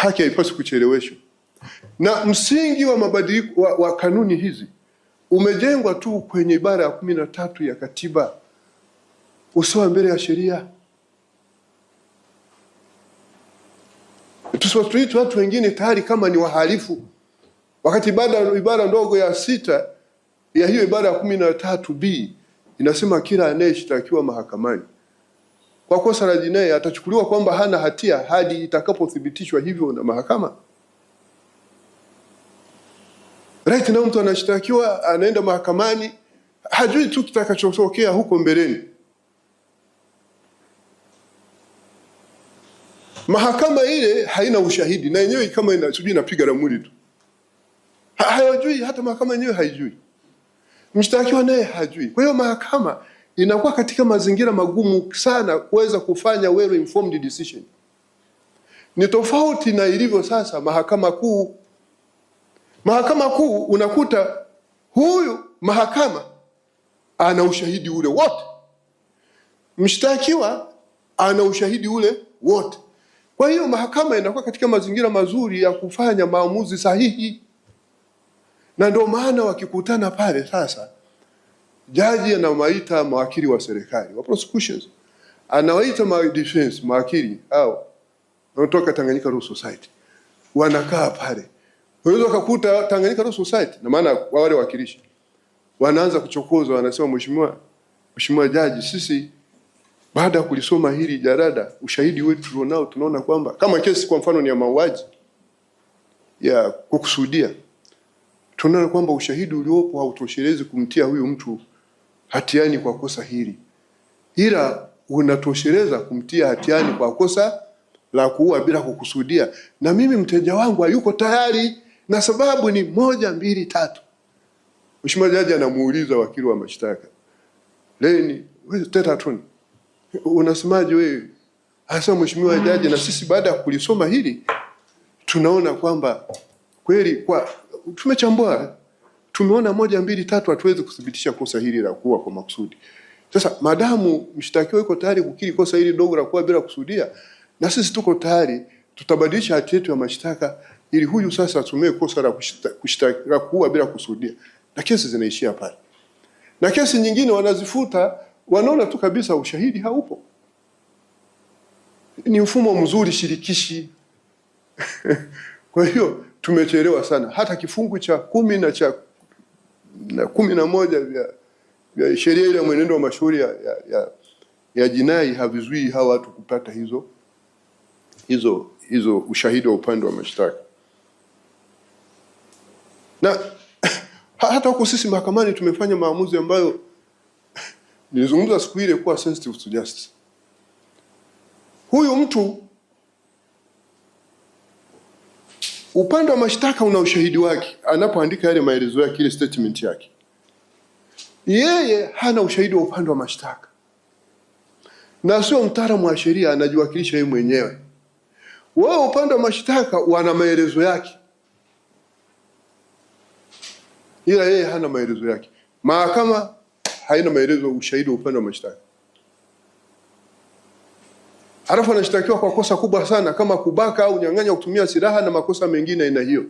haki haipaswi kucheleweshwa, na msingi wa mabadiliko wa, wa kanuni hizi umejengwa tu kwenye ibara ya kumi na tatu ya katiba usawa mbele ya sheria. Tusiwatuite watu wengine tayari kama ni wahalifu, wakati ibara, ibara ndogo ya sita ya hiyo ibara ya kumi na tatu b inasema kila anayeshtakiwa mahakamani kwa kosa la jinai atachukuliwa kwamba hana hatia hadi itakapothibitishwa hivyo na mahakama. Right, na mtu anashtakiwa anaenda mahakamani, hajui tu kitakachotokea huko mbeleni. Mahakama ile haina ushahidi na yenyewe kama ina, sijui inapiga ramli tu, hayajui hata mahakama yenyewe haijui, mshtakiwa naye hajui. Kwa hiyo mahakama inakuwa katika mazingira magumu sana kuweza kufanya well informed decision. Ni tofauti na ilivyo sasa mahakama kuu. Mahakama kuu unakuta huyu mahakama ana ushahidi ule wote, mshtakiwa ana ushahidi ule wote. Kwa hiyo mahakama inakuwa katika mazingira mazuri ya kufanya maamuzi sahihi, na ndio maana wakikutana pale sasa Jaji anawaita mawakili wa serikali wa prosecutions, anawaita ma defense mawakili au wanatoka Tanganyika Law Society, wanakaa pale. Unaweza kukuta Tanganyika Law Society na maana wa wale wakilishi wanaanza kuchokoza, wanasema mheshimiwa, mheshimiwa jaji, sisi baada ya kulisoma hili jarada, ushahidi wetu tulionao tunaona kwamba kama kesi kwa mfano ni ya mauaji ya kukusudia, tunaona kwamba ushahidi uliopo hautoshelezi kumtia huyu mtu hatiani kwa kosa hili, ila unatosheleza kumtia hatiani kwa kosa la kuua bila kukusudia, na mimi mteja wangu hayuko tayari, na sababu ni moja mbili tatu. Mheshimiwa Jaji anamuuliza wakili wa mashtaka, Leni wewe Teta unasemaje wewe? Hasa Mheshimiwa Jaji, na sisi baada ya kulisoma hili tunaona kwamba kweli kwa tumechambua tumeona moja mbili tatu, hatuwezi kuthibitisha kosa hili la kuwa kwa makusudi. Sasa madamu mshtakiwa yuko tayari kukiri kosa hili dogo la kuwa bila kusudia, na sisi tuko tayari, tutabadilisha hati yetu ya mashtaka ili huyu sasa atumie kosa la kushtakiwa kuwa bila kusudia, na kesi zinaishia pale. Na kesi nyingine wanazifuta, wanaona tu kabisa ushahidi haupo. Ni mfumo mzuri shirikishi kwa hiyo tumechelewa sana, hata kifungu cha kumi na cha na kumi na moja vya, vya sheria ile mwenendo wa mashauri ya, ya, ya, ya jinai havizuii hawa watu kupata hizo hizo hizo ushahidi wa upande wa mashtaka na hata huko sisi mahakamani tumefanya maamuzi ambayo nilizungumza siku ile kuwa sensitive to justice. Huyu mtu Upande wa mashtaka una ushahidi wake anapoandika yale maelezo yake, ile statement yake, yeye hana ushahidi wa upande wa mashtaka na sio mtaalamu wa sheria, anajiwakilisha yeye mwenyewe. Wao upande wa mashtaka wana maelezo yake, ila yeye hana maelezo yake. Mahakama haina maelezo, ushahidi wa upande wa mashtaka alafu anashtakiwa kwa kosa kubwa sana kama kubaka au nyang'anya kutumia silaha na makosa mengine aina hiyo.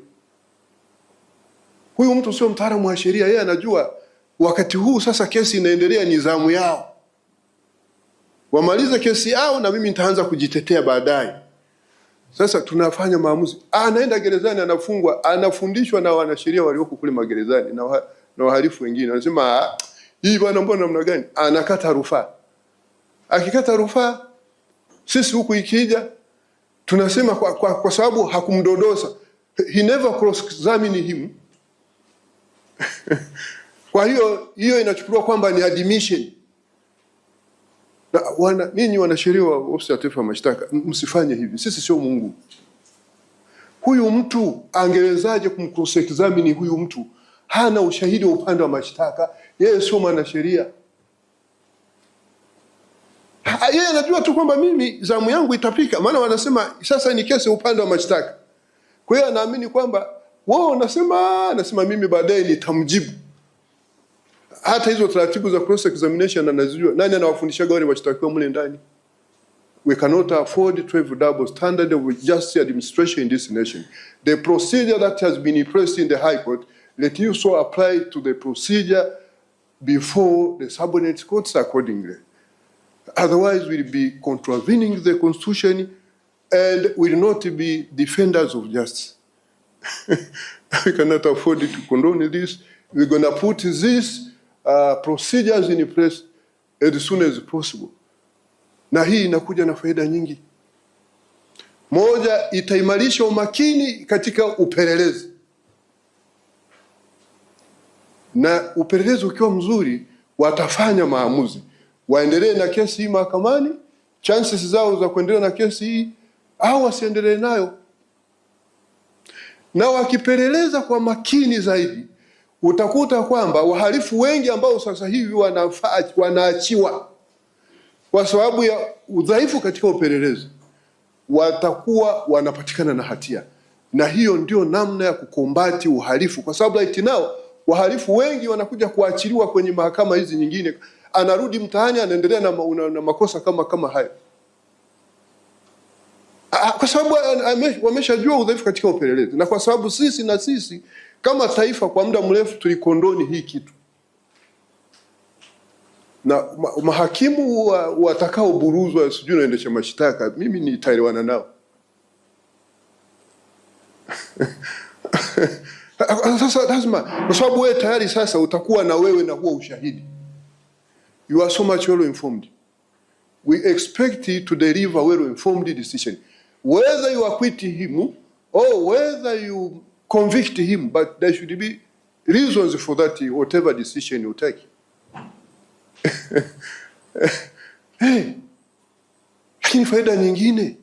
Huyu mtu sio mtaalamu wa sheria, yeye anajua wakati huu sasa kesi inaendelea, ni zamu yao, wamalize kesi yao na mimi nitaanza kujitetea baadaye. Sasa tunafanya maamuzi, anaenda gerezani, anafungwa, anafundishwa na wanasheria walioko kule magerezani na wahalifu wengine, wanasema ah, hii bwana, mbona namna gani? Anakata rufaa, akikata rufaa sisi huku ikija tunasema kwa, kwa, kwa sababu hakumdodosa. He never cross examine him kwa hiyo hiyo inachukuliwa kwamba ni admission. Na wana ninyi wanasheria wa ofisi ya taifa mashtaka, msifanye hivi, sisi sio Mungu. Huyu mtu angewezaje kumcross examine huyu mtu? Hana ushahidi wa upande wa mashtaka, yeye sio mwanasheria. Ah, yeye anajua tu kwamba mimi zamu yangu itafika, maana wanasema sasa ni kesi upande wa mashtaka. Kwa hiyo anaamini kwamba wao wanasema, anasema mimi baadaye nitamjibu. Hata hizo taratibu za cross examination anazijua. Nani anawafundisha wale washtakiwa mle ndani? We cannot afford to have double standard of justice administration in this nation. The procedure that has been impressed in the High Court, let you so apply to the procedure before the subordinate courts accordingly. Otherwise, we'll be contravening the constitution and will not be defenders of justice. we cannot afford to condone this. We're going to put these uh, procedures in place as soon as possible, na hii inakuja na faida nyingi. Moja, itaimarisha umakini katika upelelezi, na upelelezi ukiwa mzuri watafanya maamuzi waendelee na kesi hii mahakamani, chances zao za kuendelea na kesi hii au wasiendelee nayo. Na wakipeleleza kwa makini zaidi, utakuta kwamba wahalifu wengi ambao sasa hivi wanaachiwa kwa sababu ya udhaifu katika upelelezi watakuwa wanapatikana na hatia, na hiyo ndio namna ya kukombati uhalifu, kwa sababu right now wahalifu wengi wanakuja kuachiliwa kwenye mahakama hizi nyingine anarudi mtaani anaendelea na, na, na makosa kama kama hayo, kwa sababu wameshajua udhaifu katika upelelezi, na kwa sababu sisi na sisi kama taifa kwa muda mrefu tulikondoni hii kitu na mahakimu watakaoburuzwa wa sijui naendesha mashtaka, mimi nitaelewana nao sasa lazima, kwa sababu wewe tayari sasa utakuwa na wewe na huo ushahidi you are so much well informed. We expect you to deliver well informed decision. Whether you acquit him or whether you convict him, but there should be reasons for that, whatever decision you take. Hey, lakini faida nyingine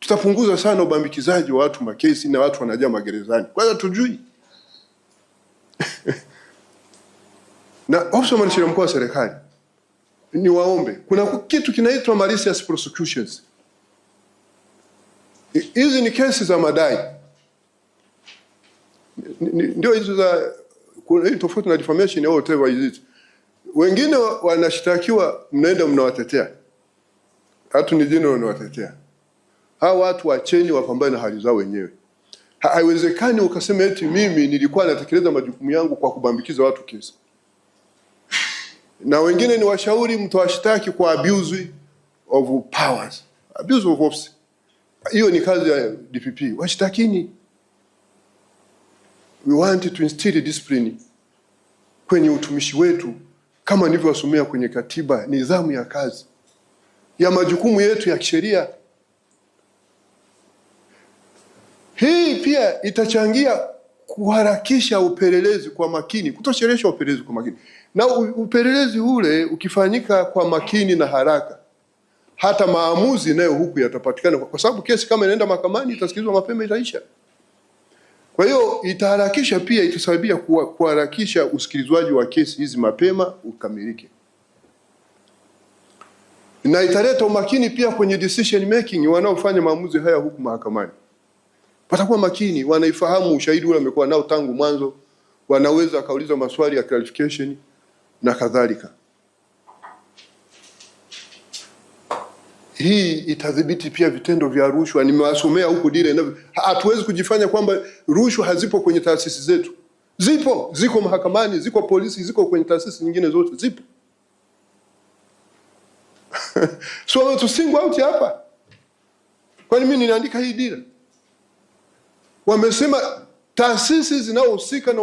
tutapunguza sana ubambikizaji wa watu makesi na watu wanajaa magerezani. Kwanza tujui na ofisa mwanasheria mkuu wa serikali ni waombe, kuna kitu kinaitwa malicious prosecutions. Hizi ni kesi za madai, ndio hizo za tofauti na defamation au whatever is it. Wengine wanashtakiwa, mnaenda mnawatetea, hatu ni jina wanawatetea hawa watu. Wacheni wapambane na hali zao wenyewe. Haiwezekani ukasema eti mimi nilikuwa natekeleza majukumu yangu kwa kubambikiza watu kesi na wengine ni washauri ashtaki kwa abuse of powers, abuse of office. Hiyo ni kazi ya DPP, washtakini. We want to instill discipline kwenye utumishi wetu kama nilivyosomea kwenye katiba, nidhamu ya kazi ya majukumu yetu ya kisheria. Hii pia itachangia kuharakisha upelelezi kwa makini, kutoshelesha upelelezi kwa makini. Na upelelezi ule ukifanyika kwa makini na haraka, hata maamuzi nayo huku yatapatikana, kwa sababu kesi kama inaenda mahakamani itasikilizwa mapema, itaisha. Kwa hiyo itaharakisha pia, itasaidia kuharakisha usikilizwaji wa kesi hizi mapema ukamilike, na italeta umakini pia kwenye decision making wanaofanya maamuzi haya huku mahakamani watakuwa makini, wanaifahamu ushahidi ule amekuwa nao tangu mwanzo, wanaweza wakauliza maswali ya clarification na kadhalika. Hii itadhibiti pia vitendo vya rushwa. Nimewasomea huku dile, hatuwezi kujifanya kwamba rushwa hazipo kwenye taasisi zetu. Zipo, ziko mahakamani, ziko polisi, ziko kwenye taasisi nyingine zote zipo. so to single out hapa, kwani mimi ninaandika hii dira wamesema taasisi zinazohusika na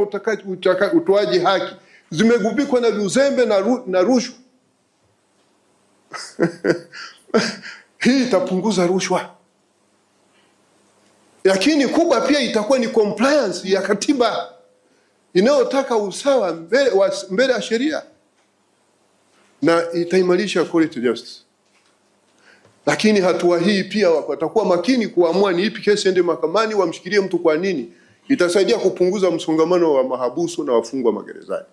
utoaji haki zimegubikwa na uzembe na, ru, na rushwa hii itapunguza rushwa, lakini kubwa pia itakuwa ni compliance ya katiba inayotaka usawa mbele ya sheria na itaimarisha quality justice. Lakini hatua hii pia watakuwa makini kuamua ni ipi kesi ende mahakamani, wamshikilie mtu kwa nini. Itasaidia kupunguza msongamano wa mahabusu na wafungwa magerezani.